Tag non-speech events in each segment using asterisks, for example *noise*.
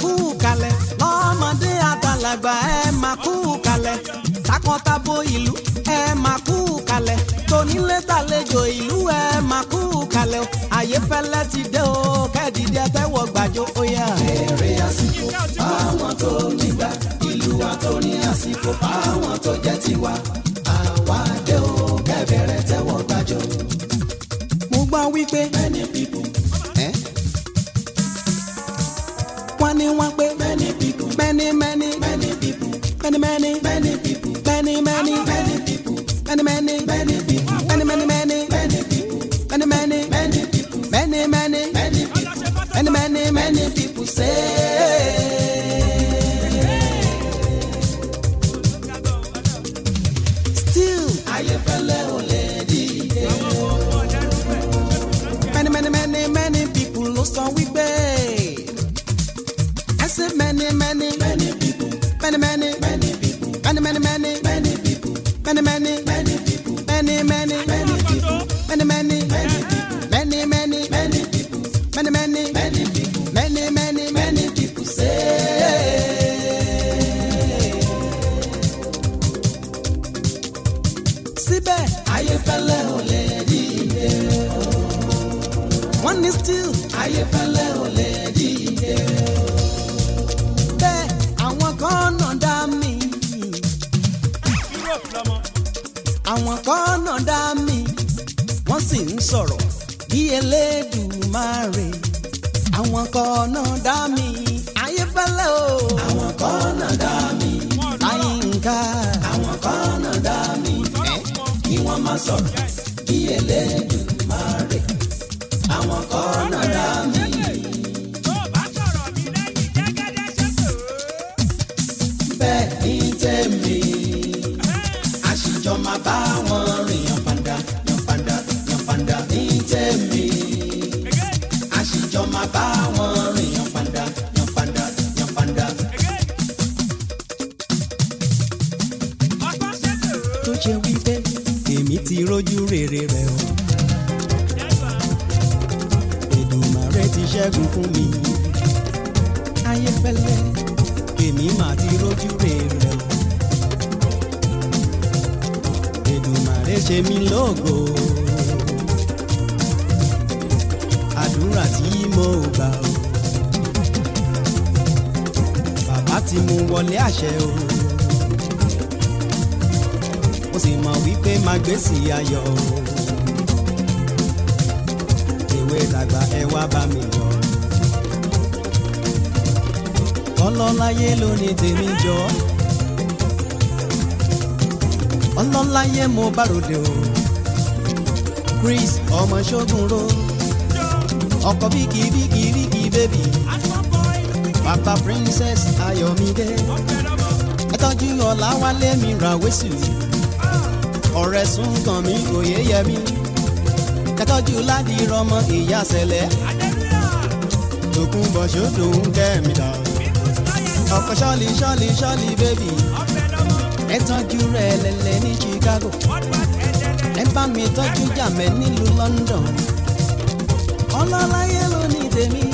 kú kalẹ̀ lọ́mọdé àtàlàgbà ẹ máa kú kalẹ̀ takọtabo ìlú ẹ máa kú kalẹ̀ tonílé tàlejò ìlú ẹ máa kú kalẹ̀ o àyè fẹ́lẹ́ ti dé o kẹ́ẹ̀dìdí ẹ tẹ́wọ̀ gbàjọ ó yá. eré àsìkò àwọn tó nígbà ìlú wa tó ní àsìkò àwọn tó jẹ́ tiwa àwa dé o kẹ́ẹ̀bẹ̀rẹ̀ tẹ́wọ̀ gbàjọ. mo gbọ́ wípé. many, many, many people, many, many, many people, many, many, many people, many, many, many people, many, many, many, many people, many, many, many people, many, many, many people say. àdúrà tí mo gbà o. bàbá ti mú wọlé àṣẹ o. mo sì mọ̀ wípé máa gbèsè ayọ̀ o. èwe tàgbà ẹ wá bá mi jọ. ọlọ́láyé ló ní tèmi jọ. ọlọ́láyé mo bá ròde o. Chris ọmọ ṣógun ro ọkọ bíkì bíkì bíkì bébì bàbá princess ayọ̀mídé ẹ tọ́jú ọ̀làwálé mi ràwésù ọ̀rẹ́ súnkàn mi òye yẹmi ẹ tọ́jú ládì rọmọ ìyá sẹlẹ̀ tòkunbọ̀ ṣòdò ń kẹ́mi dà ọkọ ṣọ́ọ̀lì ṣọ́ọ̀lì ṣọ́ọ̀lì bébì ẹ tọ́jú rẹ̀ lẹ́lẹ́ ní Chicago ẹ bá mi tọ́jú jàmẹ́ nílùú London ọlọ́láyé ló ní tèmi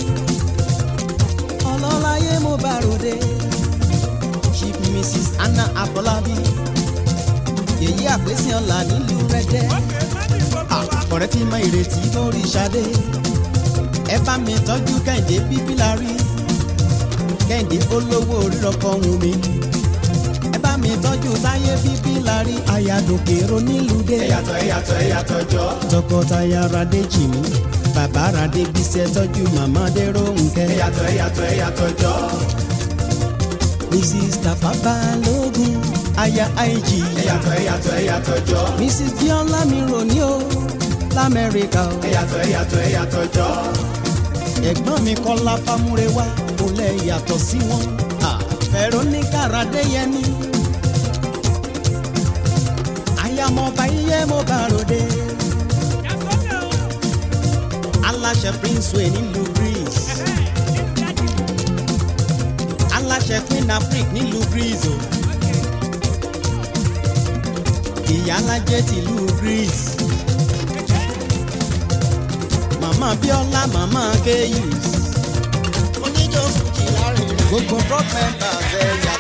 mo bá ròde Mrs Anna Afọlábí yèyí àpèsè ọ̀la nílùú rẹ́dẹ́ ah, ọ̀rẹ́ tí máa ìrètí lórí Ṣadé ẹ bá mi tọ́jú Kẹ́hìndé bíbí la rí Kẹ́hìndé olówó orírọ̀kọ̀ wù mí ẹ bá mi tọ́jú táyé bíbí tọkọtaya Radéjì mi bàbá Ràdé Bísí tọ́jú màmá Dérónkẹ́. ẹ̀yàtọ̀ ẹ̀yàtọ̀ ẹ̀yàtọ̀ jọ. Mrs. Tafa Balógun aya IG. ẹ̀yàtọ̀ ẹ̀yàtọ̀ ẹ̀yàtọ̀ jọ. Mrs. Biola mi rò ní o lamẹ́ríkà o. ẹ̀yàtọ̀ ẹ̀yàtọ̀ ẹ̀yàtọ̀ jọ. ẹ̀gbọ́n mi Kọ́lá Fámúrewá kò lẹ̀ yàtọ̀ sí wọn. Veronica Radeyemi. ayamọba iye mo bá ròde. aláṣẹ prince wey nílùú greece aláṣẹ queen afrik nílùú greece o ìyá alájẹ tìlú greece màmá bíọ́lá Mama keyus oníjó fújì láre gbogbo broad members ẹ̀yà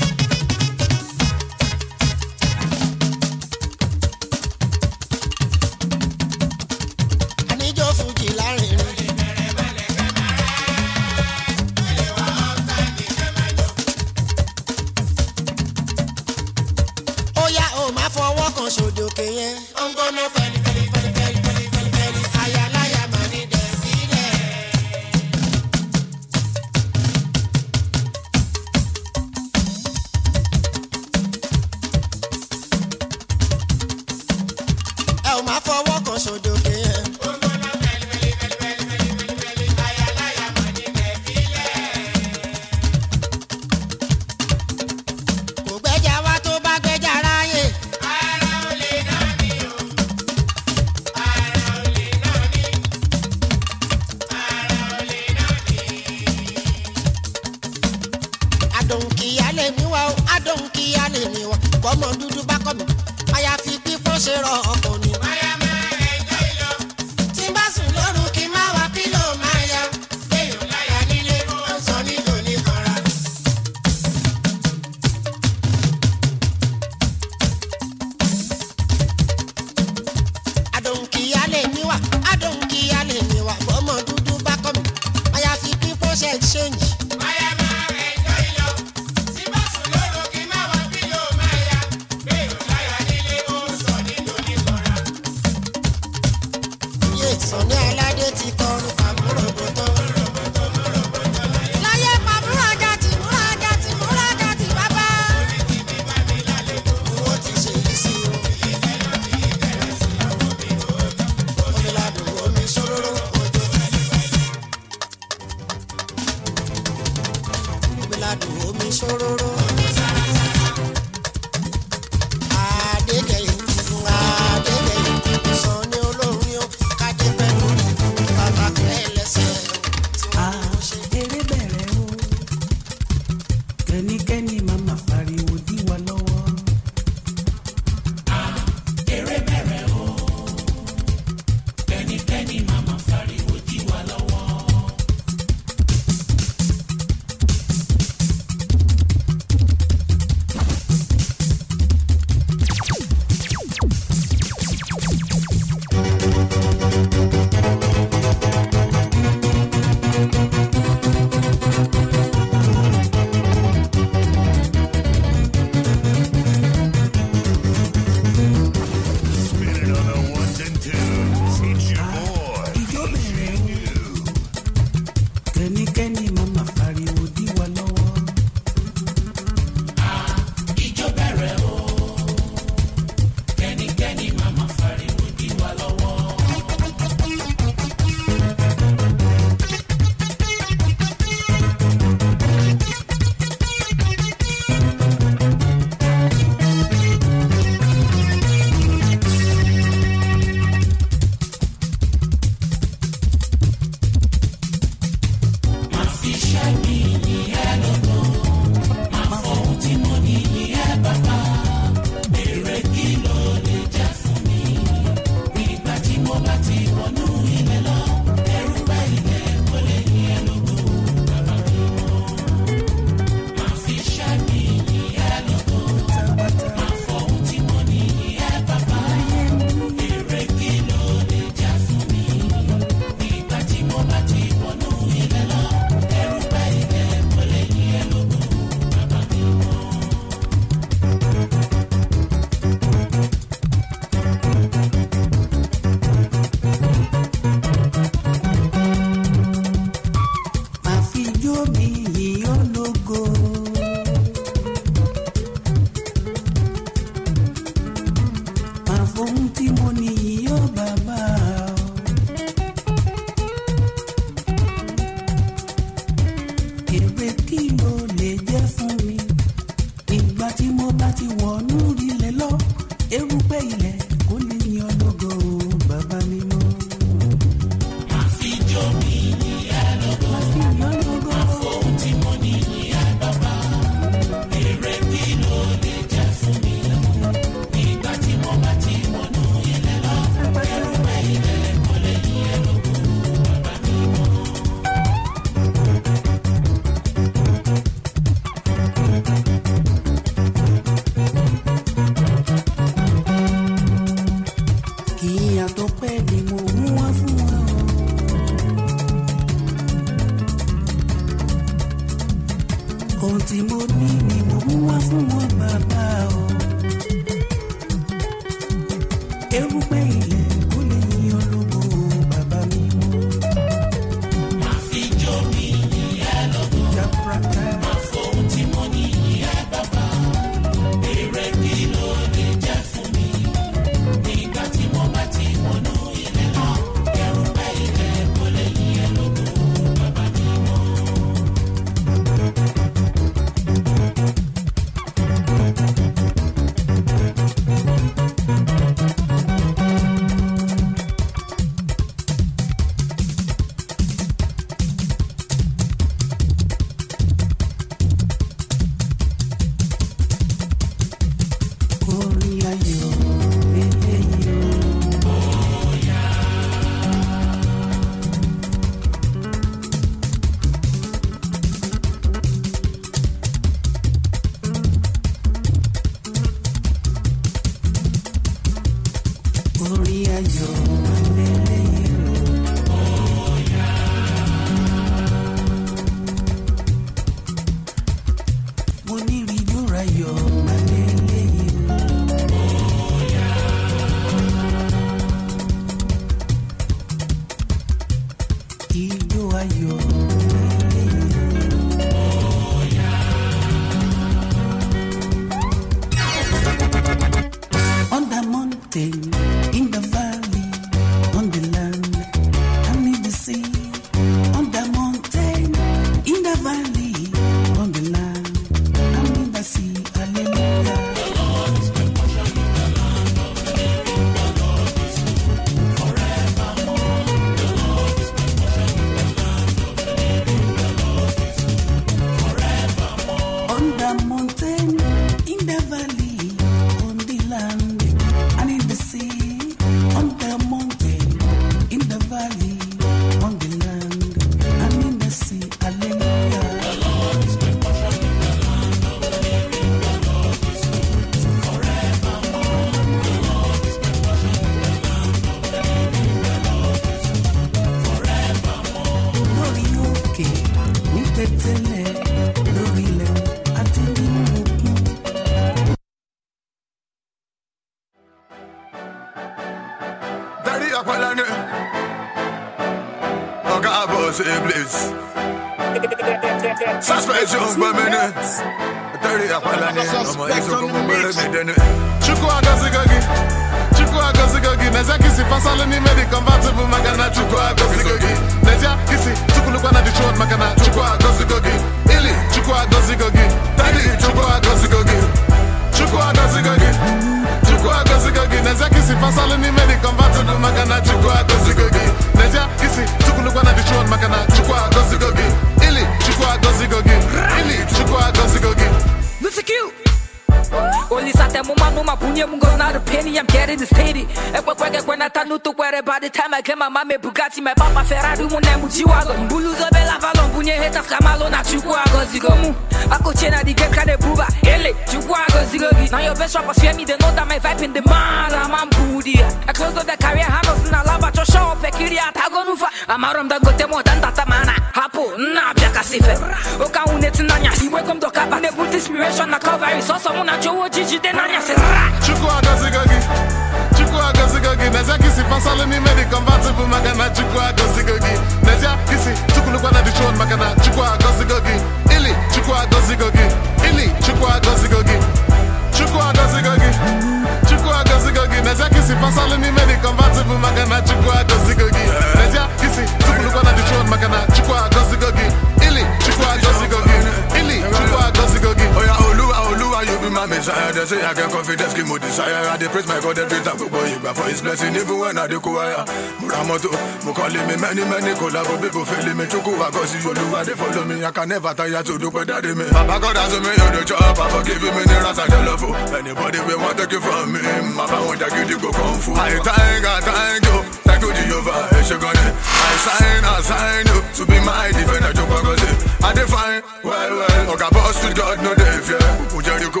See you do what they follow me, I can never you to do dúpẹ́ dáre me. Papa God has me you the chop, I forgive me the ní rasa jọlọ́fù. Anybody we want take it from me, màá bá wọn jagidi go kung fu. I thank I thank you, thank you Jehovah, ẹ ṣe gan I sign I sign you to be my defender, Jokwa Gosi. I dey fine well well, ọ̀gá boss with God no dey fear. Òkú Jericho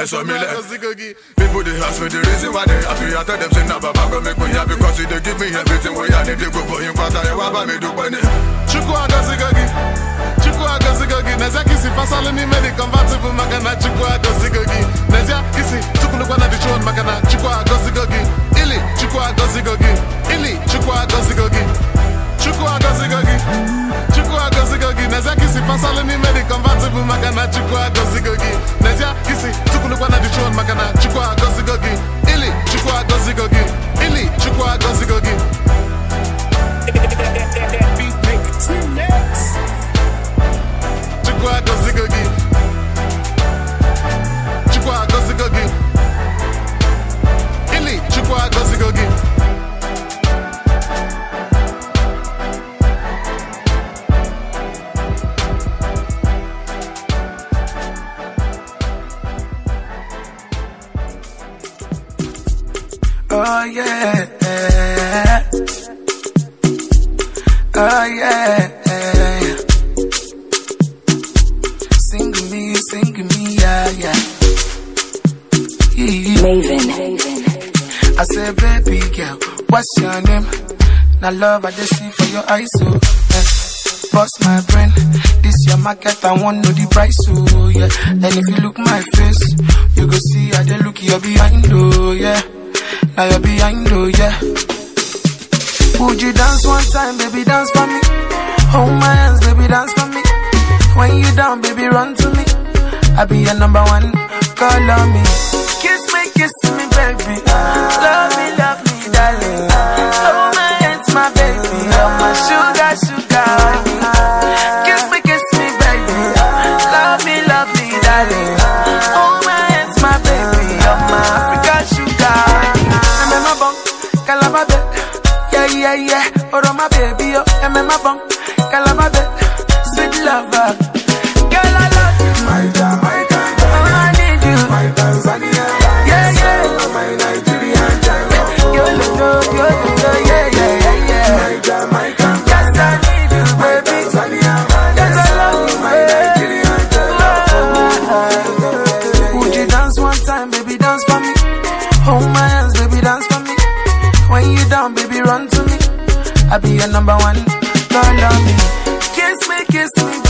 that's why me left. People they ask me the reason why they happy. I tell them say nah, Baba go make me happy because they give me everything we I need. They go put in part of what I do when it. gogi, agosigogi, Chukwu agosigogi. Nezia kisi pasali ni meri convertible makana Chukwu agosigogi. Nezia kisi tukulukwa na dichon makana Chukwu gogi, Ili Chukwu gogi, Ili Chukwu gogi. sifasale nimeri convertible maka na chukwu agọzigo gị n'ezie isi tukwulukwa na ili chukwu agọzigo ili chukwu agọzigo gị chukwu ili chukwu agọzigo Oh yeah. Oh yeah. Sing me, sing me, yeah, yeah. Maven. I said, baby girl, what's your name? Now love I just see for your eyes, so oh, yeah. Boss my brain, this your market, I want know the price, oh, yeah. And if you look my face, you go see I they look your behind, oh yeah. Now you're behind, oh yeah. Would you dance one time, baby, dance for me? Hold my hands, baby, dance for me. When you down, baby, run to me. I'll be your number one, call on me. Kiss me, kiss me, baby. Love me, love me, darling. Hold my hands, my baby. You're my sugar, sugar. kiss me.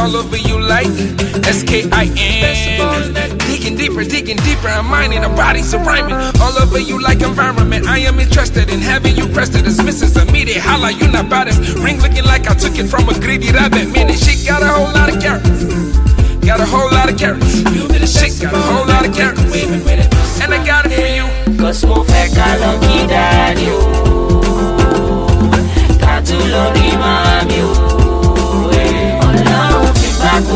all over you like S-K-I-N. Digging deeper, digging deeper, I'm mining, our bodies are rhyming. All over you like environment, I am interested in having you pressed. It's Mrs. Amiri. Holla, you not baddest. Ring looking like I took it from a greedy rabbit. Minute, she got a whole lot of carrots. Got a whole lot of carrots. She got a whole lot of carrots. And I got it for you. Cause mo fẹ́ ká lọ kí dáadé o, ká tún lọ rí and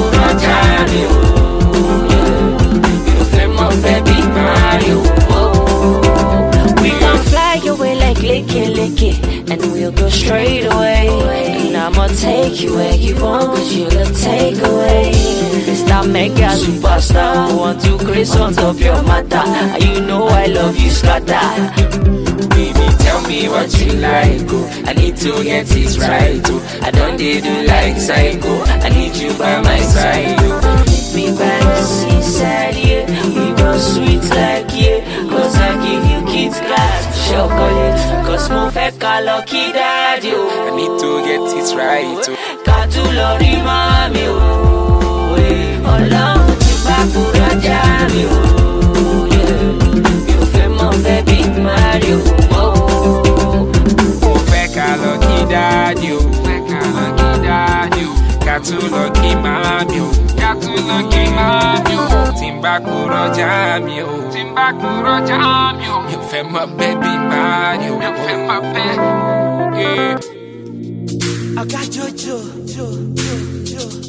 we'll go straight away. And I'ma take you where you you you're the takeaway. Stop superstar, want to grace on top your You know I love you, scatter. Baby, tell me what you like, oh. I need to get it right, oh. I don't do like psycho. I you by my side. You take me back inside, yeah. We go sweet like, yeah. Cause I give you kids glass, chocolate. Cause mo fe ka lucky daddy, oh. I need to get it right, oh. Ká tún lọ rí màmí, oh. Ọlọ́run ti bá kúrò já mi, oh. Mi ò fẹ́ mọ fẹ́ Big Mario, oh. Mo fẹ́ ká lucky daddy, oh. Ká tún lọ mi o. Yàtúnú kì í máa mi o. Tí n bá kúrò já mi o. Tí bá kúrò já mi o. Mi ò fẹ́ mọ bẹ́bí báyìí o. Mi ò fẹ́ mọ bẹ́ẹ̀. Eh. Ọ̀gá Jojo. Jo, jo, jo.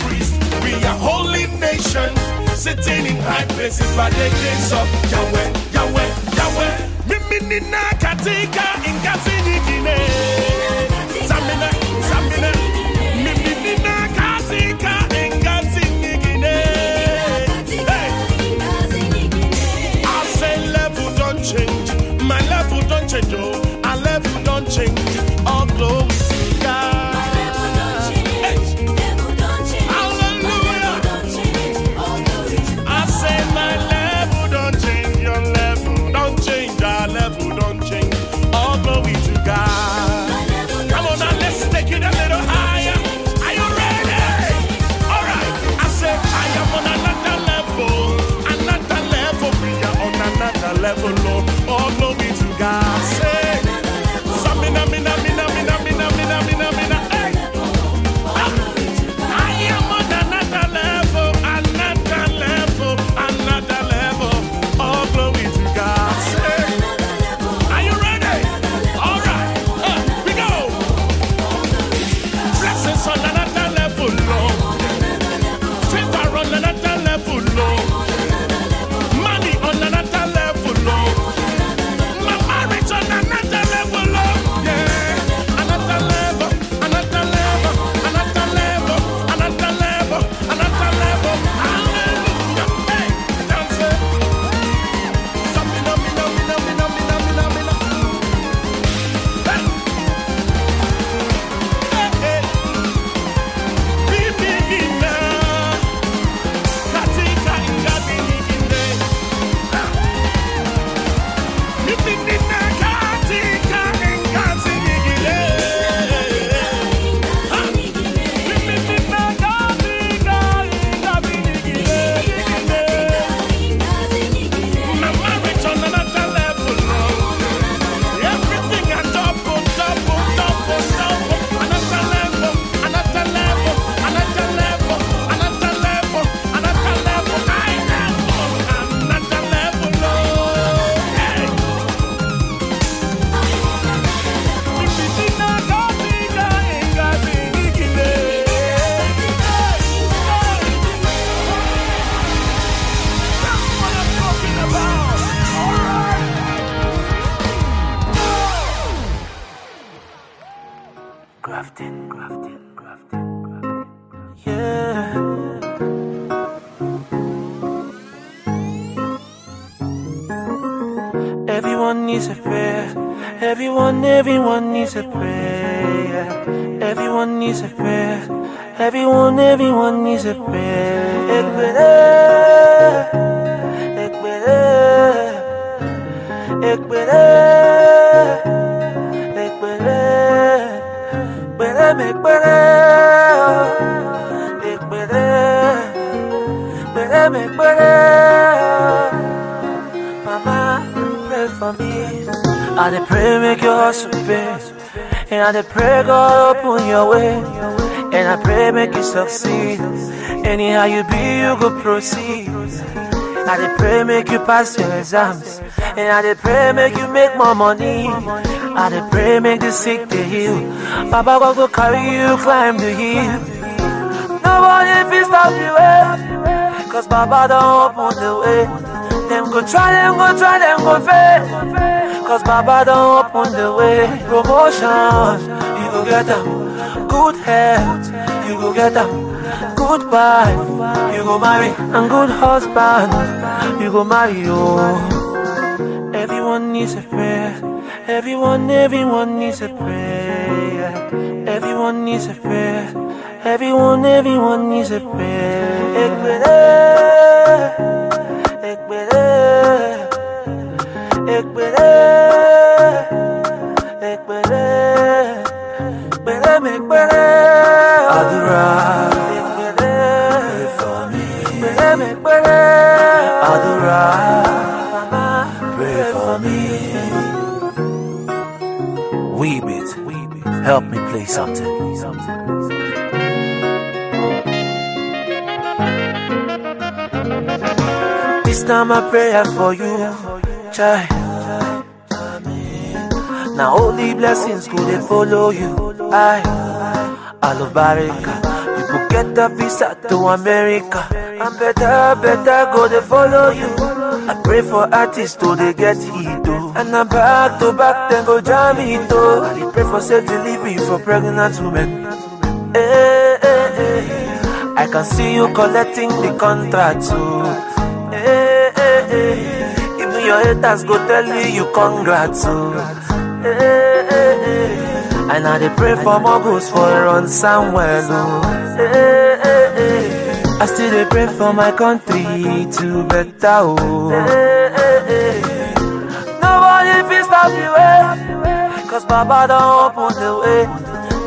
priests. We are holy nation, sitting in high places by the grace of Yahweh, Yahweh, Yahweh. Mimi nina katika ingasi katika ingasi nyingine. I say level don't change. My level don't change, oh. Our level don't change. All glory. Everyone needs a prayer. Everyone, everyone needs a prayer. Everyone needs a prayer. Everyone, everyone needs a prayer. Ek bere, ek bere, ek bere, ek bere, bere me bere, ek bere, bere me bere for me. I pray make your heart sweet, and I pray God open your way, and I pray make you succeed. Anyhow you be, you go proceed. I pray make you pass your exams, and I pray make you make more money. I pray make the sick to heal. Baba God go carry you climb the hill. Nobody fit stop you, eh? Cause Baba don't open the way. Them go try, them go try, them go fail. Cause Baba don't open the way. Promotion, you go get them. Good health, you go get them. Good wife, you go marry. And good husband, you go marry. Oh. Everyone needs a prayer. Everyone, everyone needs a prayer. Everyone needs a prayer. Everyone, everyone needs a prayer. Ik ben for me. Ben pray for me. Wee bit. help me play something. This time I pray for you, child. Now only blessings go they follow you. I Alubarika. You people get a visa to America. I'm better, better go they follow you. I pray for artists to they get hit oh. And I'm back to back, then go jam it too. Oh. I pray for safe delivery for pregnant women. Hey, eh, eh, hey, eh. hey. I can see you collecting the contract too. Oh. Hey, hey, hey. Even your haters go tell you you congrats too. And now they pray for more goods for run somewhere low. I still they pray for my country to better. Oh. Nobody feels stop the way. Eh. Cause Baba don't open the way.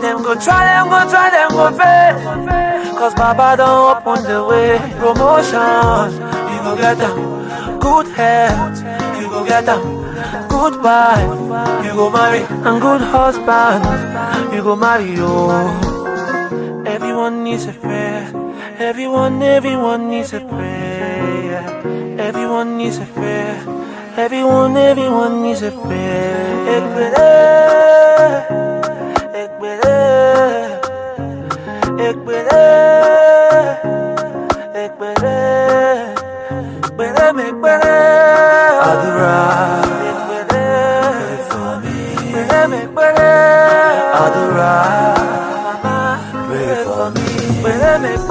Them go try, them go try, them go fail. Cause Baba don't open the way. Promotion, you go get them. Good health, you go get them good wife, you go marry, and good husband, you go marry, oh. Everyone needs a prayer, everyone, everyone needs a prayer, everyone needs a prayer, everyone, everyone needs a prayer. Ekbere, ekbere, ekbere, ekbere, ekbere, ekbere, Adura. में पड़े pray for me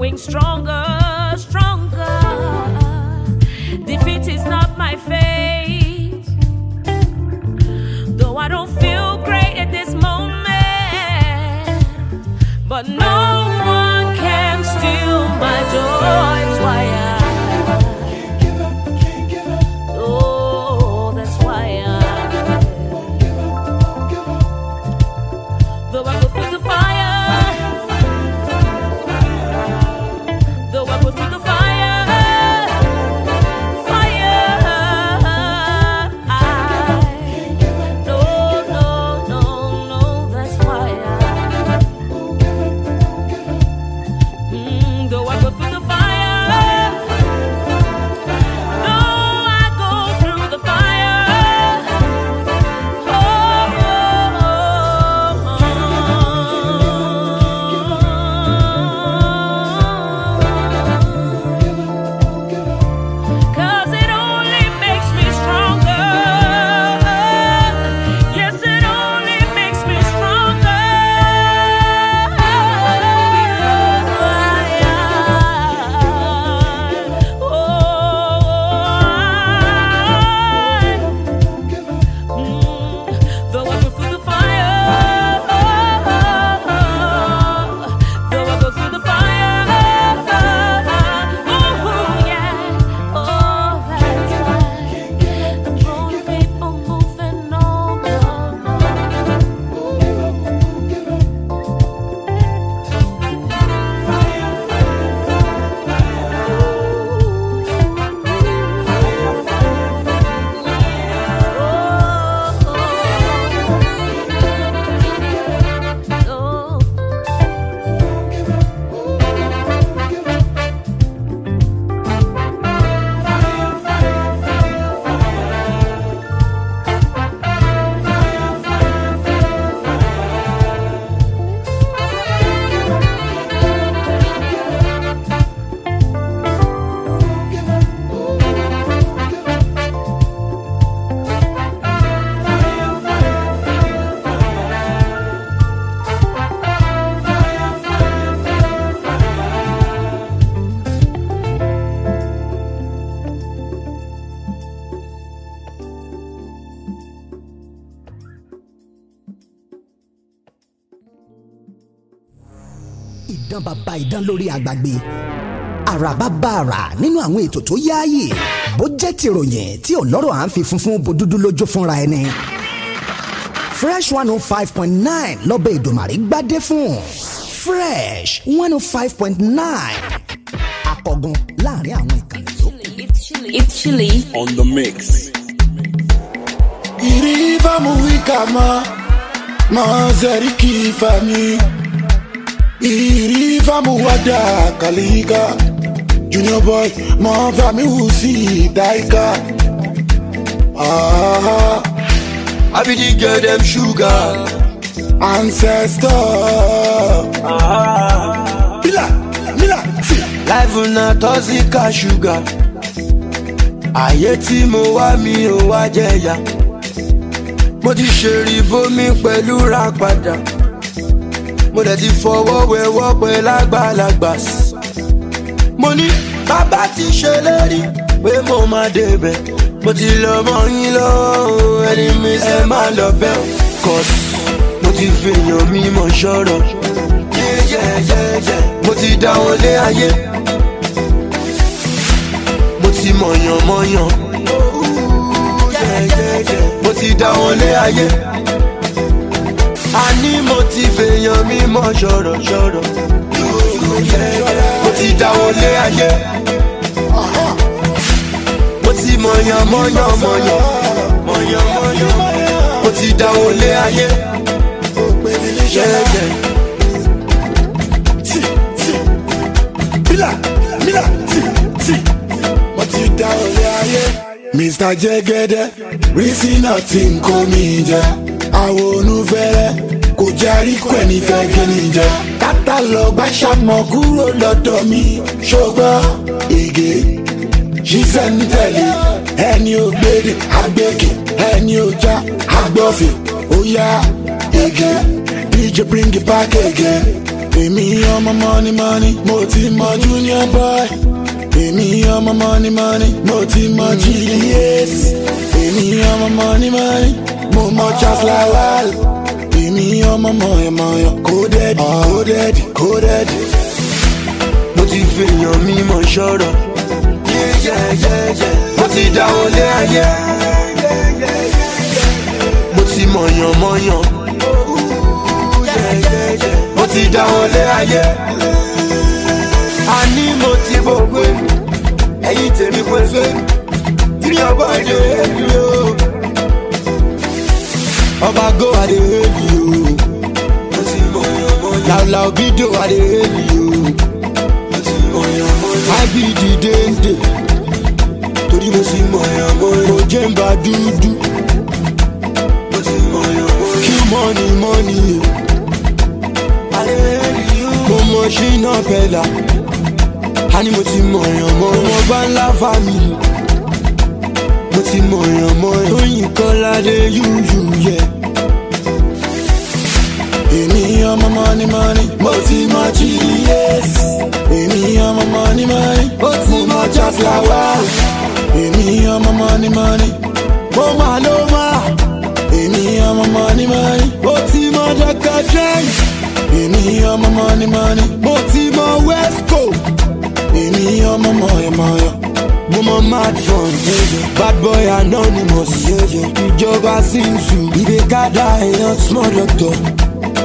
growing stronger, stronger. Defeat is not my fate. Though I don't feel great at this moment, but no. idán lórí àgbàgbé àràbá bá àrà nínú àwọn ètò tó yáàyè bó jẹ́ tìròyìn tí ọlọ́rọ̀ à ń fi funfun bo dúdú lójú fúnra ẹni fresh one oh five point nine lọ́bẹ̀ ìdòmàrí gbádé fún fresh one oh five point nine akọgun láàrin àwọn ìkànnì yòókù. it's chilly. on the mix. ìrì ifá mú wíkà mọ́ mọ́ zẹ́ríkì ifá mi. Ifa muwada kalika Junior boy mo fa mi usi daika Ah I be the girl them sugar Ancestor Ah Mila Mila see Life na toxic sugar Ayé tí mo wá mi ò wá jẹ̀yà Mo ti ṣe rí bómi pẹ̀lú ra padà mo dẹ̀ ti fọwọ́ wẹwọ́ pẹ́ lágbàlagbà mo ní bàbá ti ṣèlérí pé mo máa débẹ̀ mo ti lọ mọ yín lọ́wọ́ ẹni mi ṣe máa lọ bẹ́ kọ́s mo ti fi èèyàn mi mọ̀ ṣọ́rọ̀ mo ti dá wọn lé ayé mo ti mọ̀yàn mọ̀yàn mo ti dá wọn lé ayé àní mo ti fèèyàn mímọ́ ṣọ̀rọ̀ṣọ̀rọ̀ mo ti dáwọ́ lé ayé mo ti mọ̀yàn mọ̀yàn mọ̀yàn mọ̀yàn mọ̀yàn mo ti dáwọ́ lé ayé yẹ́yẹ́. Mr. Jegede, we see nothing coming. n àwòrán fẹ́rẹ́ kò jarí kò ní fẹ́ kí ni jẹ. kátà lọ gbàṣàmọ̀ kúrò lọ́dọ̀ mi ṣùgbọ́n ègé ṣiṣẹ́ ń tẹ̀lé ẹni ò gbére agbègbè ẹni ò já agbọ́fẹ̀ ó yá ègé DJ bring it back again. èmi ọmọ mọ́ni mọ́ni mo ti mọ junior boy èmi ọmọ mọ́ni mọ́ni mo ti mọ GDS e èmi ọmọ mọ́ni mọ́ni mo mọ chance lawal èmi ọmọ mọ̀ọ́mọ̀ọ́yàn kó dẹ́ẹ̀dì kó dẹ́ẹ̀dì kó dẹ́ẹ̀dì. mo ti fi èèyàn mi mọ̀ ṣọ́rọ̀ mo ti dáwọ́ lé ayé mo ti mọ̀yàn mọ̀yàn mo ti dáwọ́ lé ayé àní mo ti bọ̀ pé ẹ̀yin tèmi pẹ́ fẹ́ kí ni ọba ìjọ ẹ̀yìn o. I dey hate you. Now loud video I dey hate you. I be the dende. Torí mo sì mọ̀ yàn mọ́ yàn. Mo jẹ́ ń bá dúdú. Kí mọ́ni mọ́ni yẹn. E. Mo mọ ṣínà pẹ̀lá. A ní mo ti mọ̀ yàn mọ́. Mo gbá ńlá family. Mo ti mọ̀ yàn mọ́ yàn. Tóyìn Kọ́ládé yúyú yẹ. Yeah ọmọ mọ́ni mọ́ni mo ti mọ gds èmi ọmọ mọ́ni mọ́ni mo ti mọ jọ́síláwá èmi ọmọ mọ́ni mọ́ni mo máa ló máa èmi ọmọ mọ́ni mọ́ni mo ti mọ dr drake èmi ọmọ mọ́ni mọ́ni mo ti mọ west coast èmi ọmọ mọ̀yọ̀mọ̀yọ̀ mo mọ mad fun bad boy anonymous ìjọba sí ìsù ìdè kádà èèyàn small doctor.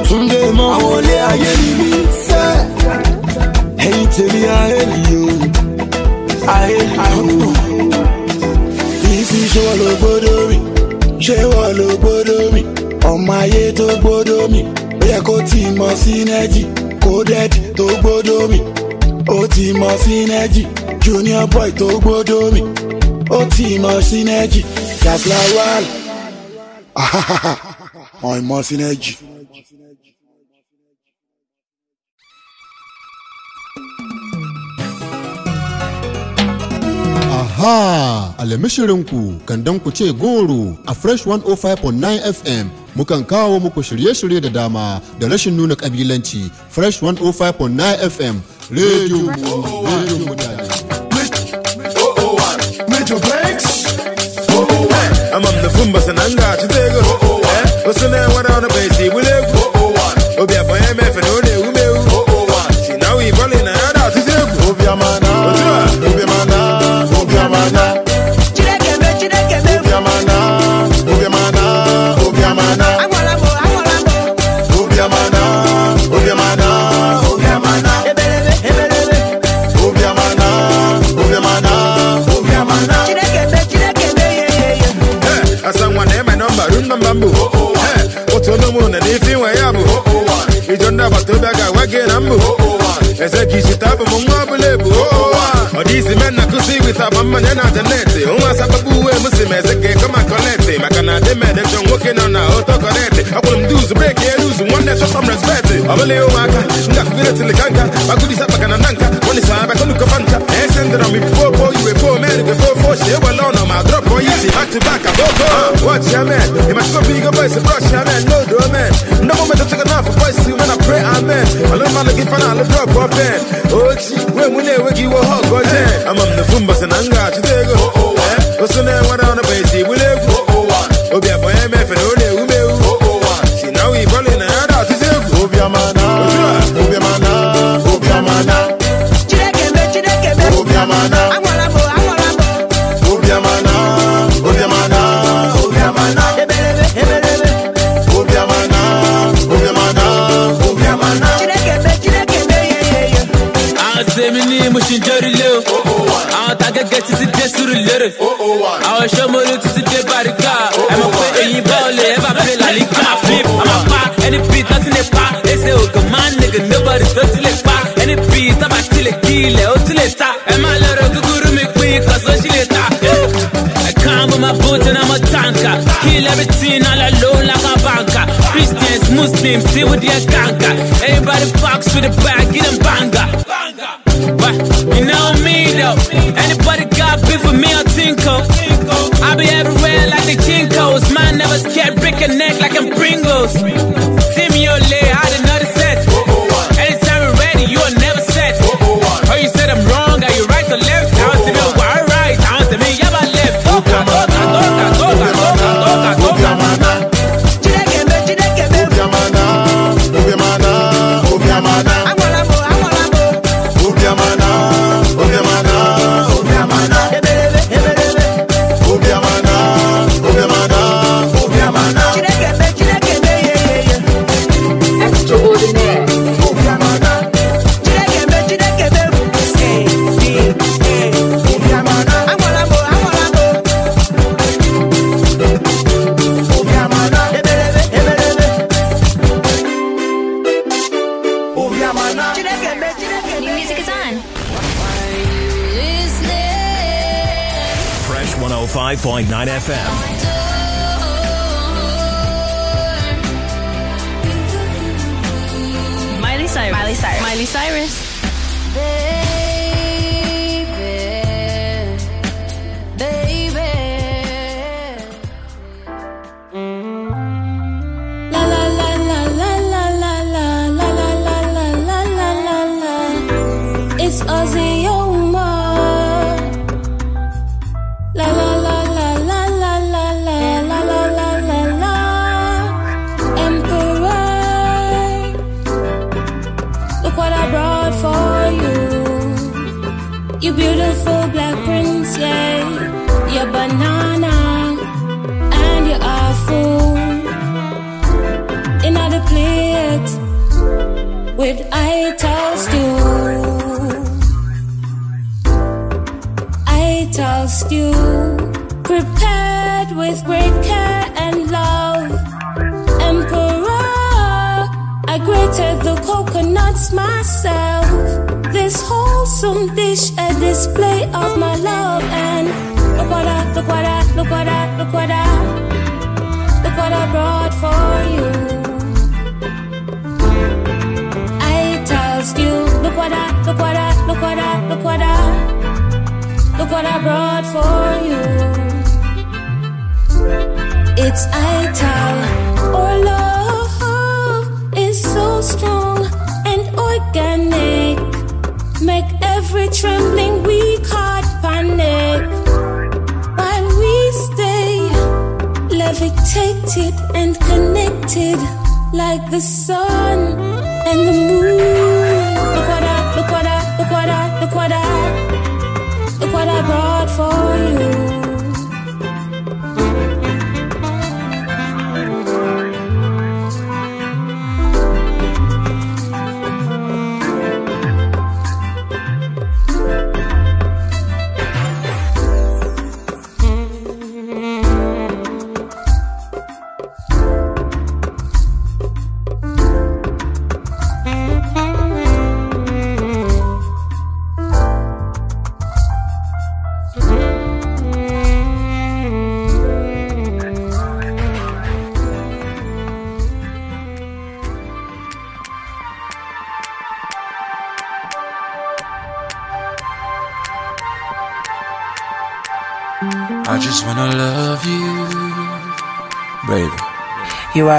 Túndé mọ́. àwọn olè ayé ni mí sẹ́. ẹ̀yin tèmi àhẹ́lì o àhẹ́lì o. kìí sí ṣé wọ́n ló gbọ́dọ̀ mi ṣé wọ́n ló gbọ́dọ̀ mi ọmọ ayé tó gbọ́dọ̀ mi ó yẹ kó ti mọ sínẹ́jì kó dẹ́ẹ̀dì tó gbọ́dọ̀ mi ó ti mọ sínẹ́jì junior boy tó gbọ́dọ̀ mi ó ti mọ synergy that's lawal ọ̀ìmọ̀ synergy. Amma almishirinku kandan ku ce goro a Fresh 105.9 FM mukan kawo muku shirye-shirye da dama da rashin nuna kabilanci Fresh 105.9 FM Radio Mutane. amam da fun basananga ci zai eh? wasu na yawar wani bai ce wule obi a batobịa ga-enwe oh na mma eze gị jitaabụ m nwa ọbụla ebu ọ dị izi me na akụzi wita ba mmanya na ajaneti ụmụ asakpakpọ uwe m si m eze ka ego ma koleti maka na adị m edechọ nwoke nọ na oto koleti akwụrụ m duzu breki eluzu nwanne chọsọ m respekt ọ bụla ụmụaka m ga-akụgidetili ka nka bagudisa kpaka na ndanka nwanisa abịa konukofa nka syndrome before boy you before man before four shit well on my drop on you see back to back I go go watch your man He must go big boys and brush your man no do man no moment to take enough for boys you when I pray amen I love man again for all the drop up man oh gee when we never give a hug again I'm on the fumbas and I'm got you there go oh eh? oh what's in there what àwọn ṣọmọ olú ti ti dé bàríkà ẹ mọ̀ pé èyí bá olè ẹ I'm lálẹ́ kí máa flip a máa pa ẹni bí tán ti lè pa ẹsẹ̀ ògùn máa ń nìgẹ̀ nobody tó ti lè pa ẹni bí tábà ti lè kí ilẹ̀ ó ti lè ta ẹ máa lọ́rọ̀ gúgúrú mi pín ikọ̀ só ṣì lè ta. I come with my boot and I'm a tanker Kill everything all alone like a banker Christians, Muslims, deal with their ganker Everybody fucks with the bag, get them banger be everywhere like the Kinkos. Mine never scared, break a neck like I'm Pringles. 101.9 FM.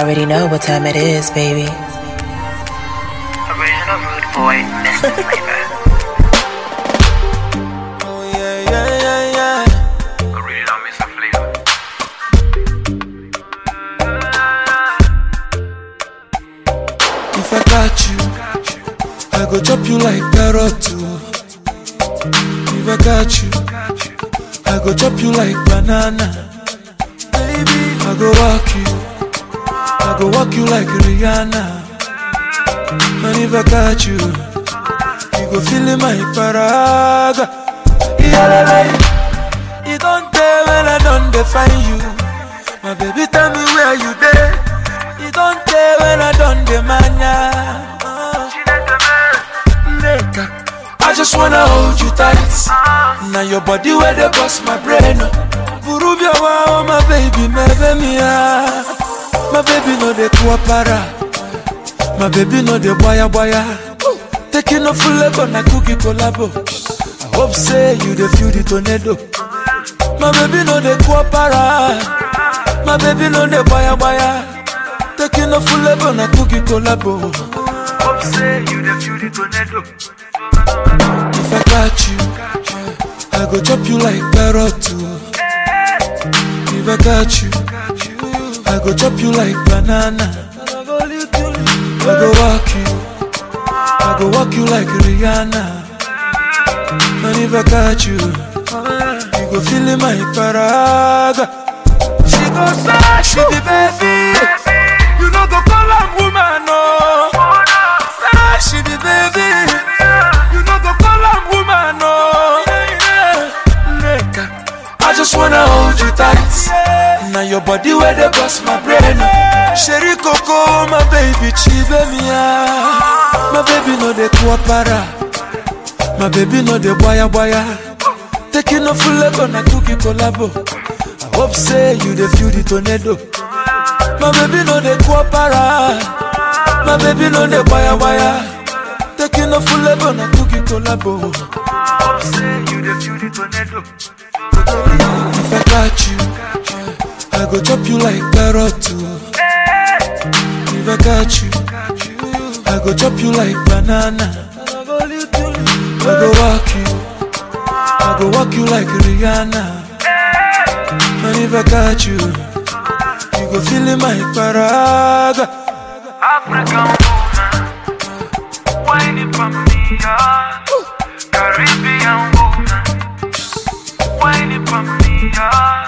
already know what time it is, baby. Original rude boy, Mr. *laughs* Flavor. oh, yeah, yeah, yeah, yeah. Original Mr. Flavor. If I got you, I go chop you like carrot too. Oh. If I got you, I go chop you like banana. Baby, I go rock you. I go walk you like Rihanna. And if I catch you, you go feel in my paraga. Yeah, you don't tell when I don't define you. My baby, tell me where you there. You don't tell when I don't demand ya. I just wanna hold you tight. Now your body where they bust my brain. Burubia, wow, my baby, never me. Ah. My baby no dey tuapara. My baby no dey boya boya. Taking off full level na cookie collabo. I hope say you dey feel the tornado. My baby no dey tuapara. My baby no dey boya boya. Taking off full level na cookie collabo. I hope say you dey feel the tornado. If I catch you, I go chop you like parrot too. Oh. If I catch you. I go chop you like banana. I go walk you. I go walk you like Rihanna. And if I catch you, you go feel my paraga. She go suck, she be baby. na your body wey dey burst my brain sheri koko my baby chibe mia my baby no dey kuapara my baby no dey gbayagbaya taking no full ego na tuki kolabo i hope say you dey feel the tornado my baby no dey kuapara my baby no dey gbayagbaya taking no full ego na tuki kolabo i hope say you dey feel the tornado if i catch you. I go chop you like carrot If I catch you I go chop you like banana I go walk you I go walk you like Rihanna And if I catch you You go feel in my paraga African woman Whining for me, yeah Caribbean woman Whining for me, yeah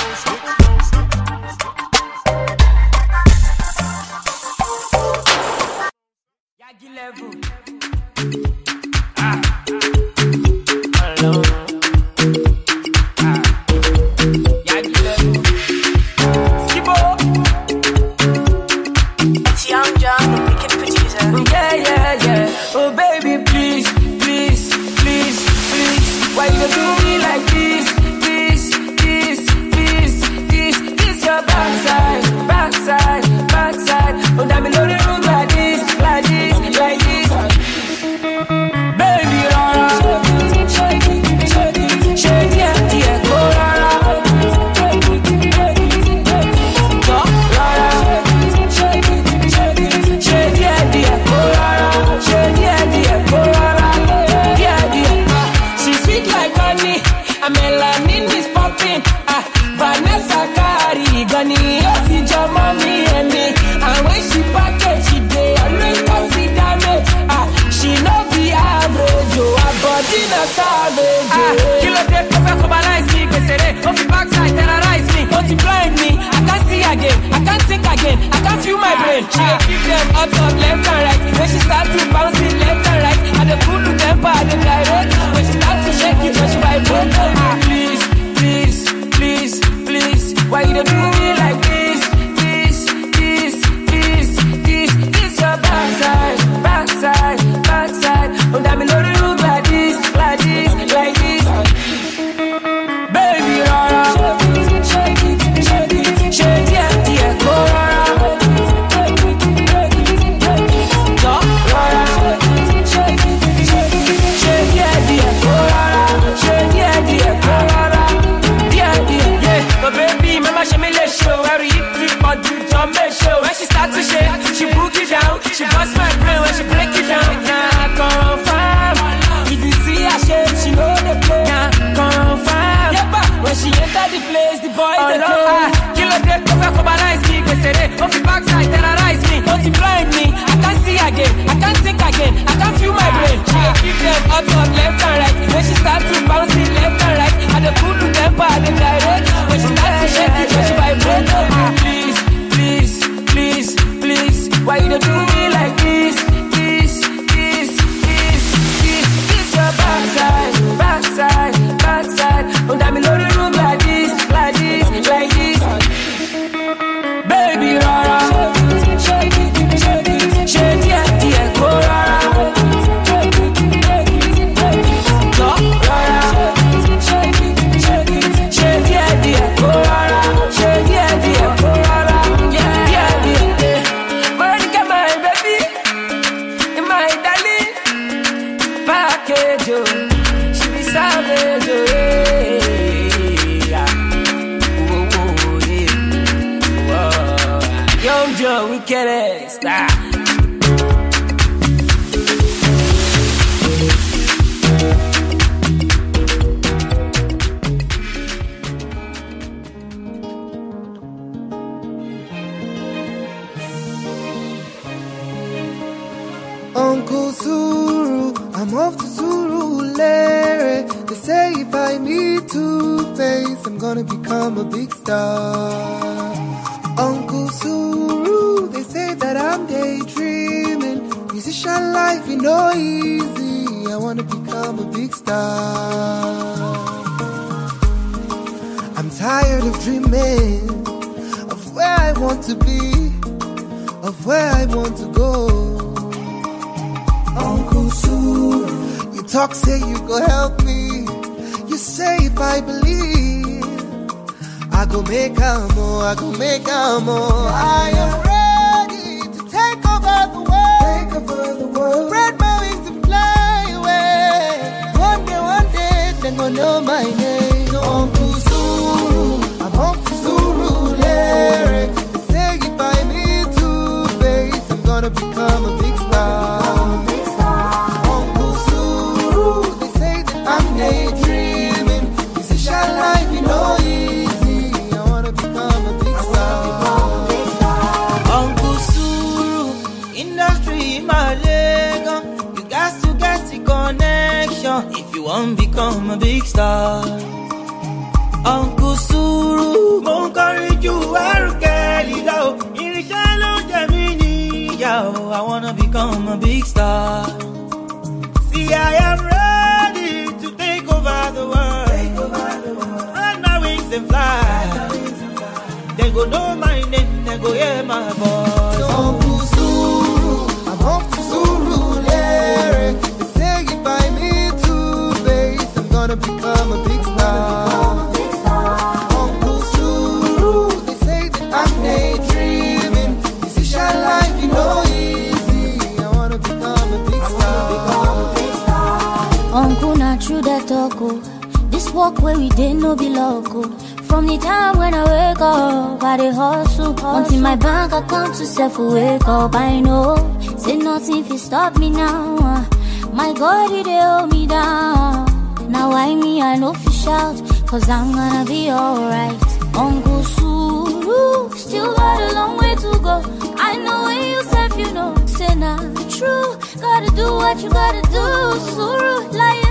talk, This walk where we did no be local. From the time when I wake up, I dey hustle, hustle. in my bank I account to self wake up, I know. Say nothing if you stop me now. Uh. My God, you dey hold me down. Now I me, I know fish out, cause I'm gonna be alright. Uncle Suru, still got a long way to go. I know when you said you know, say not true. Gotta do what you gotta do, Suru. Lion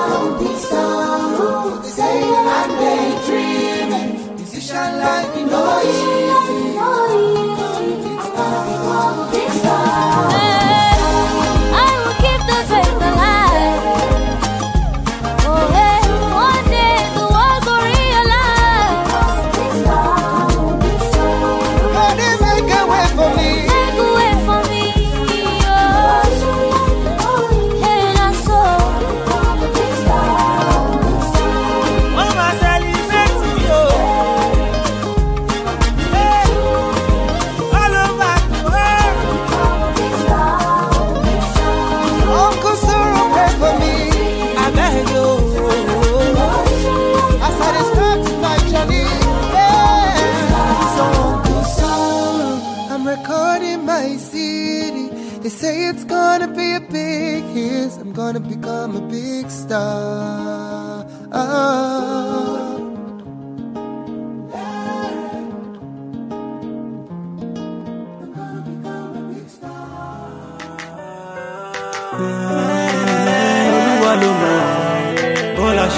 wanna become a big star.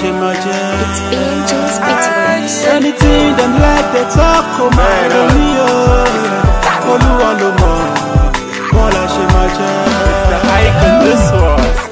It's angels, it's Anything them like they talk, come me, oh. Olúwa bọ́lá It's the this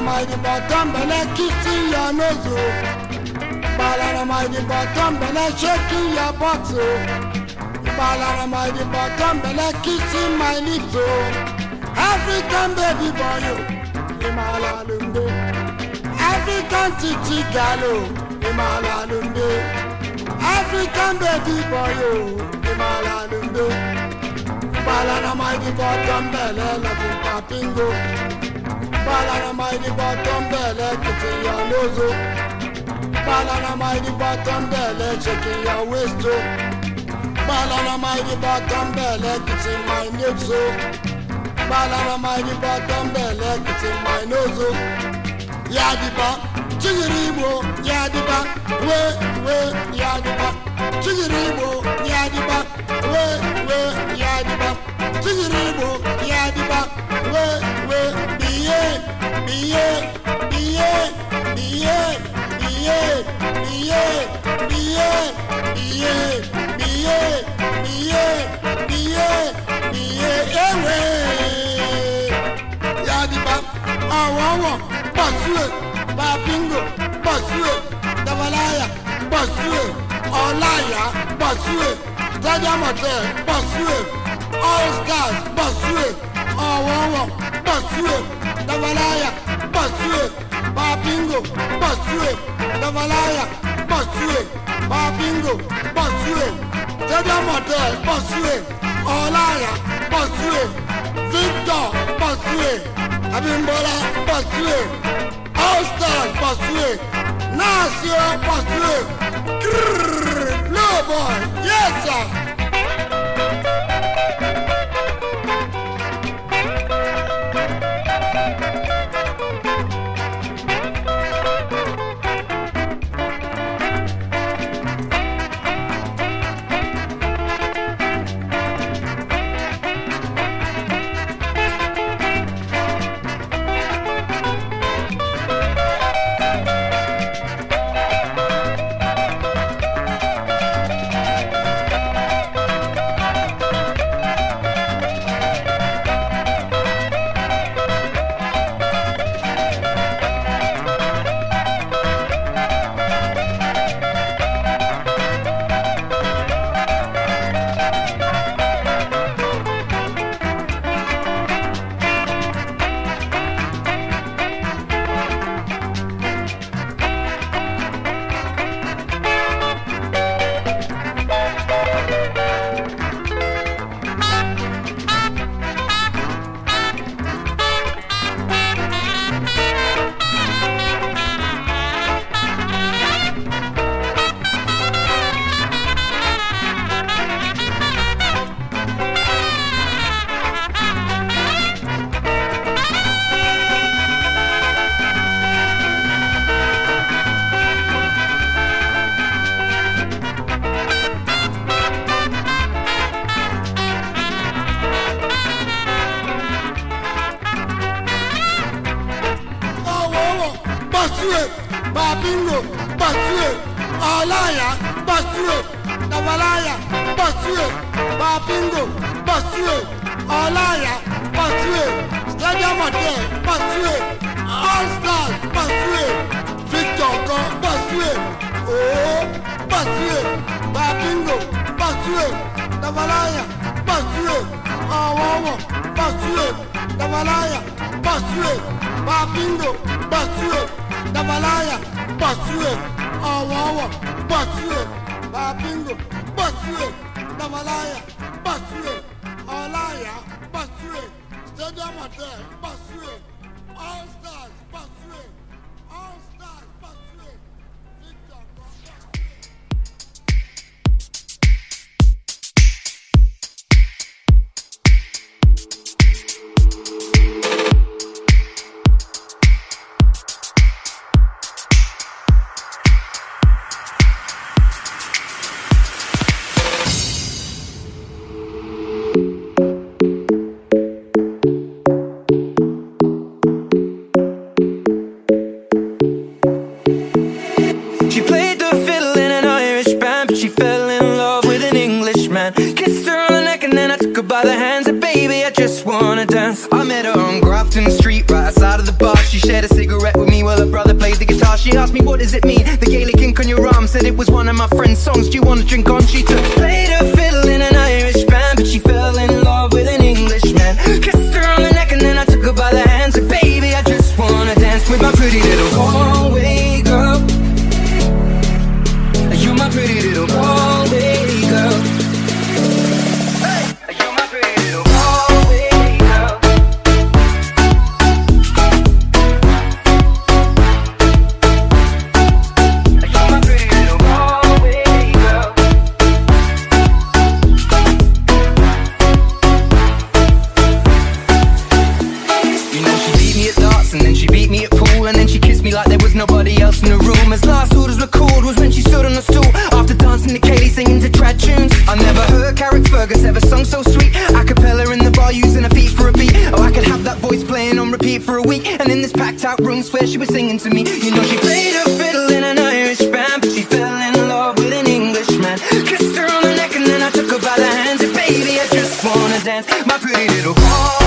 Balaramaji bottom bele kiti ya nozo Balaramaji bottom bele shaking ya bottle Balaramaji bottom bele kissing my lips oh African baby boy imala Imalalunde African titi gal imala Imalalunde African baby boy imala oh Imalalunde Balaramaji bottom bele loving papingo Balana mighty bottom dele kitiya nozo Balana mighty bottom dele chekiya westo Balana mighty bottom dele kiti my nozo Balana mighty bottom dele kiti my nozo Yadiba chigiribo yadiba we we yadiba chigiribo yadiba we we yadiba chigiribo yadiba we we ọ̀wọ̀wọ̀ pọ̀súwè babingo pọ̀súwè dabalaya pọ̀súwè ọ̀láyà pọ̀súwè jẹjẹmọ̀tẹ pọ̀súwè all stars pọ̀súwè ọ̀wọ̀wọ̀ pọ̀súwè davalaya basue babingo basue davalaya basue babingo basue stadium hotel basue ọláyà basue victor basue abimbola basue austin basue naasio basue kirrrr blue boy yes Hero Pasue Ọláyà Pasue Dabalaya Pasue Babingo Pasue alaya, Pasue Stadium Hotel Pasue All Stars Pasue Victor Kan Pasue Oo Pasue Babingo Pasue Dabalaya Pasue Ọwọ́wọ́ Pasue Dabalaya Pasue Babingo Pasue Dabalaya pursue it ọ̀wọ̀ọ̀wọ̀ pursue it babingo pursue it babalaya pursue it ọláyà pursue stadium hotel pursue all stars. Oh.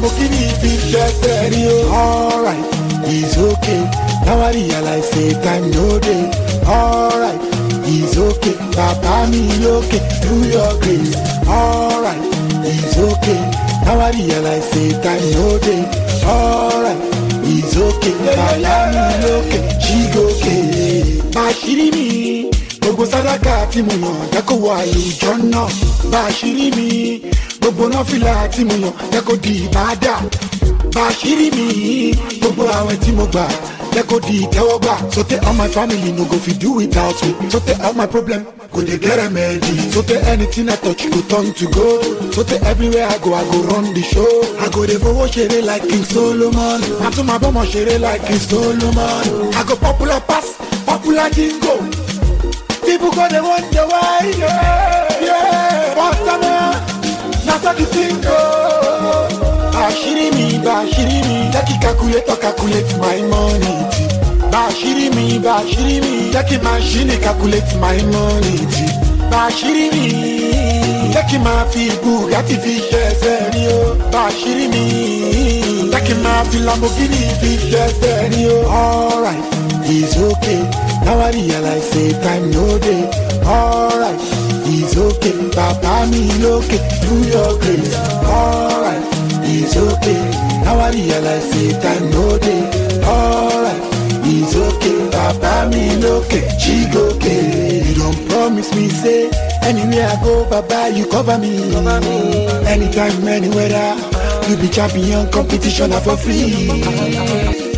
Lamborghini fit just steady. Alright, it's okay. Now I realize say time no day. Alright, it's okay. Baba mi okay. Do your grace. Alright, it's okay. Now I realize say time no day. Alright, it's okay. Baba mi okay. She go okay. Bashiri mi. Gbogbo sádàkà tí mo yàn jákòó àìjọ náà. Bashiri mi gbogbo nọ́fìlà tí mo yàn lẹ́kọ̀ọ́ di ìbáadà Bashiri mi gbogbo àwẹ̀ tí mo gbà lẹ́kọ̀ọ́ di ìtẹ́wọ́gbà sọtẹ́ all my family no go fit do without me sọtẹ́ all my problem go dey get remedy sọtẹ́ anything I touch go turn to gold sọtẹ́ everywhere I go I go run the show I go dey fowó ṣeré like King Solomon ma bọ́mọ̀ ṣeré like King Solomon I go popular pass popular jingo people go dey wonder why yeah, yeah. Nata di tingo. Àṣírí mi, bàṣírí mi. Jẹ́ kí calculator my money. Bàṣírí mi, bàṣírí mi. Jẹ́ kí machine calculate my money. Bàṣírí mi. Jẹ́ kí máa fi Bugatti fi ṣe ẹsẹ̀ rí o. Bàṣírí mi. Jẹ́ kí máa fi Lamborghini fi ṣe ẹsẹ̀ rí o. Alright, it's okay. Now I realize say time no dey. Alright. It's okay, Papa mi lókè, do your grace. Alright, it's okay. Now I realize it, I know day. Alright, it's okay, Papa mi lókè, she go okay. You don't promise me, say, anywhere I go, Baba, you cover me. Cover me. Anytime, anywhere, you be champion, competition are for free.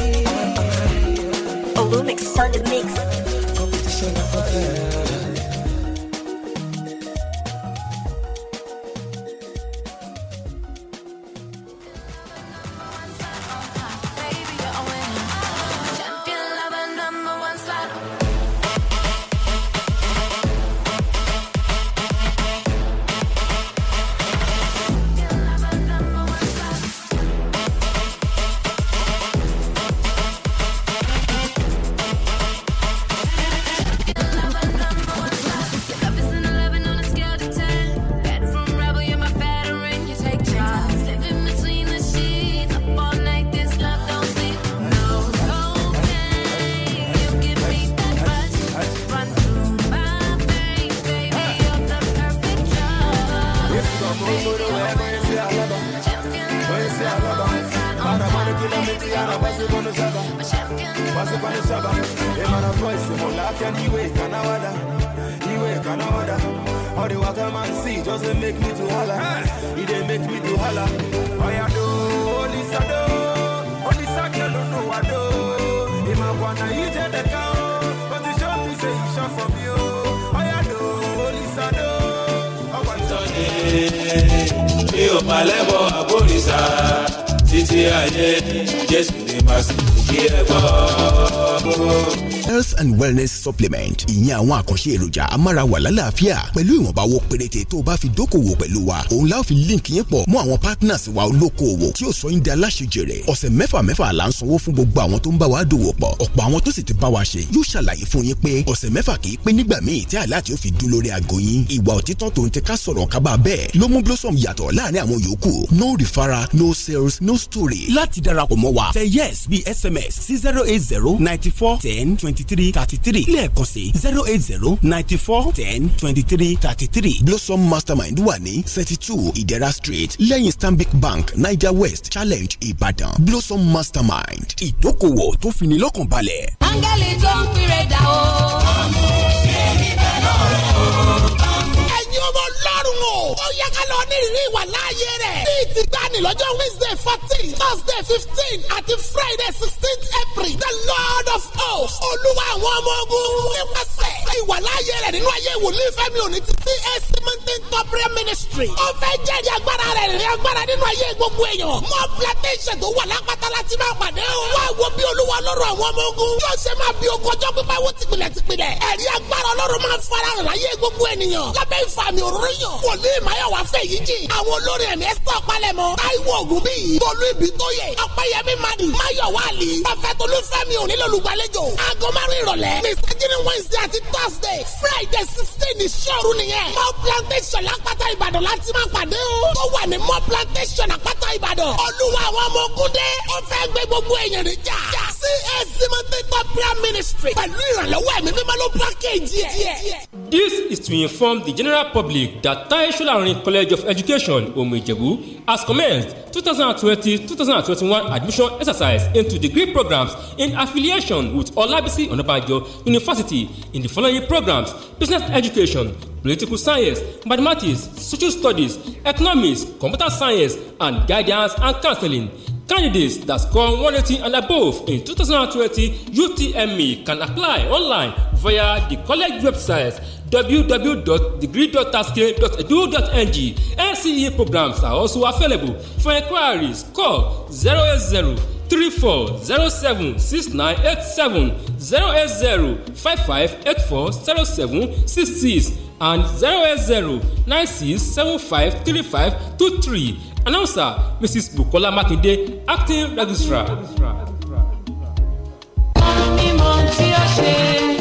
supplement ìyẹn àwọn àkànṣe èròjà amárawà lálàáfíà pẹ̀lú ìwọ̀nba owó péréte tó o bá fi dókòwò pẹ̀lú wa òun la fi link yín pọ̀ mọ́ àwọn partners wa olókoòwò tí ó sọ yín di aláṣejèrè ọ̀sẹ̀ mẹ́fà mẹ́fà là ń sanwó fún gbogbo àwọn tó ń bá wa dòwò pọ̀ ọ̀pọ̀ àwọn tó sì ti bá wa ṣe yóò ṣàlàyé fún yín pé ọ̀sẹ̀ mẹ́fà kì í pé nígbà míì tí no referral no sales no story láti darapọ̀ mọ́ wa yes bí sms sí zero eight zero ninety four ten twenty three thirty three lẹ́ẹ̀kan sí zero eight zero ninety four ten twenty three thirty three. Blossom Mastermind wà ní thirty two Ìdẹ̀ra street lẹ́yìn Stanbic Bank Niger West Challenge Ìbàdàn Blossom Mastermind ìdókòwò tó fini lọ́kàn balẹ̀. Áńgẹ́lì tó ń pèrè dà o. Àmọ̀ ṣe ìbẹ̀ lọ́rọ̀ o ẹ̀yin ọmọ ọlọ́run o. ó yẹ ká lọ onírìírí ìwà láàyè rẹ̀. bí ìtìgbani lọ́jọ́ wednesday fourteen thursday fifteen àti friday sixteen april the lord of hosts olúwa àwọn ọmọ ogun nípasẹ̀ ìwà láàyè rẹ̀ nínú ayé wòlíì fẹ́mi òní ti TAC mountain top prayer ministry. ó fẹ́ jẹ́rìí agbára rẹ̀ rẹ̀ agbára nínú ayé gbogbo èèyàn. mọ plantation tó wà lápáta láti máa pàdé o. wá wo bí olúwa ọlọ́run àwọn ọmọ ogun yóò ṣe máa bí ogun ọjọ́ pípa wo tìpìlẹ̀ tìpìlẹ̀. ẹ̀rí agbára ọlọ́run máa fara hàn láyé gbogbo ènìyàn. lábẹ́ ìfàmì òróyàn wòlíì máyàwá fẹ̀yì jì àwọn olórin ẹ̀mí ẹ̀sítọ́ palẹ̀mọ́ táíwò ògùn bíyì tolú ibi tó yẹ ọ̀pẹ̀yẹmí madi máyọ̀wá wà ní mọ plantation àpáta ìbàdàn olúwa àwọn ọmọ ogun dé ó fẹ́ gbé gbogbo èèyàn this is to inform the general general public that Tai Solarin College of Education, Omijebu, has commenced 2020-2021 admission exercise into degree programs in affiliation with Olabisi Onabanjo University in the following programs: business education, political science, mathematics, social studies, economics, computer science, and guidance and counseling. Candidates that score 180 and above in 2020 UTME can apply online via the college website www.degree.taske.edu.ng NCE programs are also available. For inquiries, call 080 34 07 69 87 080 55 84 07 66 and 080 96 75 35 23. Announcer Mrs. Bukola Makinde, Acting Registrar. Ọ̀run mímọ́ tí ó ṣe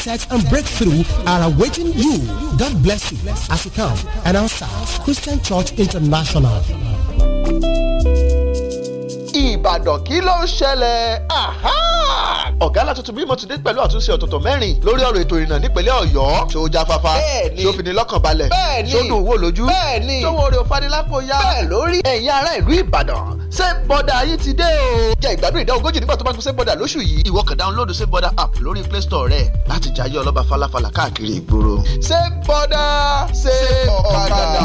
success and breakthrough are awaiting you. God bless you as you come. Announcer, Christian Church International. ìbàdàn kí ló ń ṣẹlẹ̀ ọ̀gá alátuntun bímọ ti dé pẹ̀lú àtúnṣe ọ̀tọ̀tọ̀ mẹ́rin lórí ọ̀rọ̀ ètò ìrìnnà nípínlẹ̀ ọ̀yọ́ ṣó jáfáfá ṣó fini lọ́kàn balẹ̀ ṣó dùn wò lójú ṣó wo orí òfanilápò ya bẹ́ẹ̀ lórí ẹ̀yin ará ìlú ìbàdàn ṣé bọ́dà yìí ti dé o. jẹ́ ìgbádùn ìdá ogójì nígbà tó bá ń gbé ṣé bọ́dà lóṣù yìí ìwọ kan dáńlódù ṣé bọ́dà app lórí play store rẹ láti jayé ọlọ́ba falafala káàkiri ìgboro. ṣé bọ́dà ṣé ọ̀kadà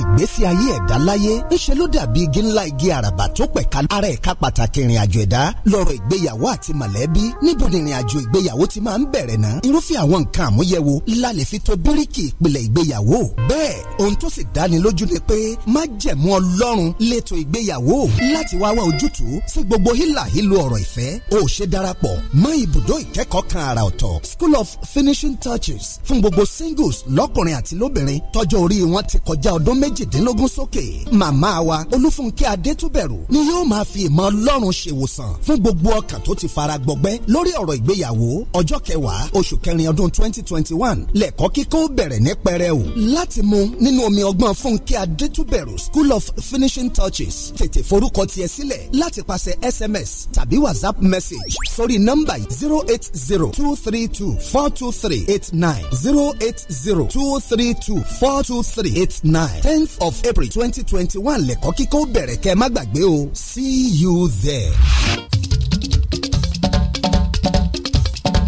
ìgbésí ayé ẹ̀dá láyé ńṣe ló dàbí igi ńlá igi àràbà tó pẹ̀ka ara ẹ̀ka pàtàkì ìrìn ẹ̀dá lọ́rọ̀ ìgbéyàwó àti mọ̀lẹ́bí níbo ni ìrìn ìgbéyàwó ti máa ń bẹ̀rẹ̀ náà irúfẹ́ àwọn nǹkan àmúyẹ̀wò la fi tó bíríkì ìpìlẹ̀ ìgbéyàwó bẹ́ẹ̀ ohun tó sì dáni lójú ni pé májẹ̀mú ọlọ́run létò ìgbéyàwó láti wá wá ojútùú sí gbogbo hílà hílo ọ̀rọ̀ ìfẹ́ ó ṣe darapọ̀ mọ́ ibùdó ìkẹ́kọ̀ọ́ kan àrà ọ̀tọ̀ School of Finishing Touches fún gbogbo singles lọ́kùnrin àti lóbìnrin tọ́jọ́ orí wọn ti kọjá ọdún méjì méjìdínlógún sókè màmá wa olúfúnkẹ́ adétúbẹ̀rù ni yóò máa fi ìmọ̀ ọlọ́run ṣèwòsàn fún gbogbo ọkàn tó ti fara gbọgbẹ́ lórí ọ̀rọ̀ ìgbéyàwó ọjọ́ kẹwàá oṣù kẹrin ọdún twenty twenty one lẹ́kọ́ kíkọ́ bẹ̀rẹ̀ ní pẹrẹu láti mu nínú omi ọgbọ́n fúnkẹ́ adétúbẹ̀rù school of finishing touches tètè forúkọ tiẹ̀ sílẹ̀ láti pàṣẹ sms tàbí whatsapp message sórí nọ́mbà zero eight zero two three two four two three eight nine zero eight zero two three two four two three eight nine tenth of April twenty twenty one lẹ́kọ́ kíkọ́ bẹ̀rẹ̀ kẹ́ má gbàgbé o see you there.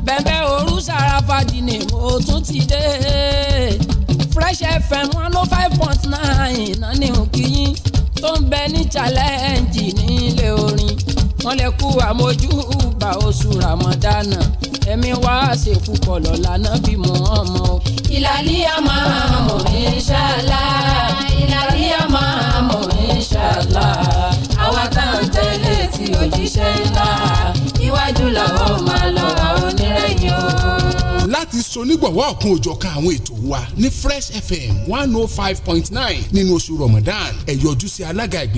bẹ́ẹ̀ òru ṣàràfàdì ni mo tún ti dé Fresh FM one oh five point nine náà ni òkìyín tó ń bẹ ní challenge nílé orin wọ́n lè kú àmójú bá oṣù ramadana ẹ̀mí wá ṣèkú kọlọ̀ lànà bí mọ́ ọmọ. ìlàlí àmà mọ̀ ìṣàlá ìlàlí àmà mọ̀ ìṣàlá àwa tá à ń tẹ̀lé tí òjíṣẹ́ ńlá iwájú làwọn máa lọ àwọn o láti sonígbọ̀wọ́ ọ̀kun òjọ̀kan àwọn ètò wa ní fresh fm one oh five point nine nínú oṣù ramadan ẹ yọjú sí alága ìgbìmọ̀.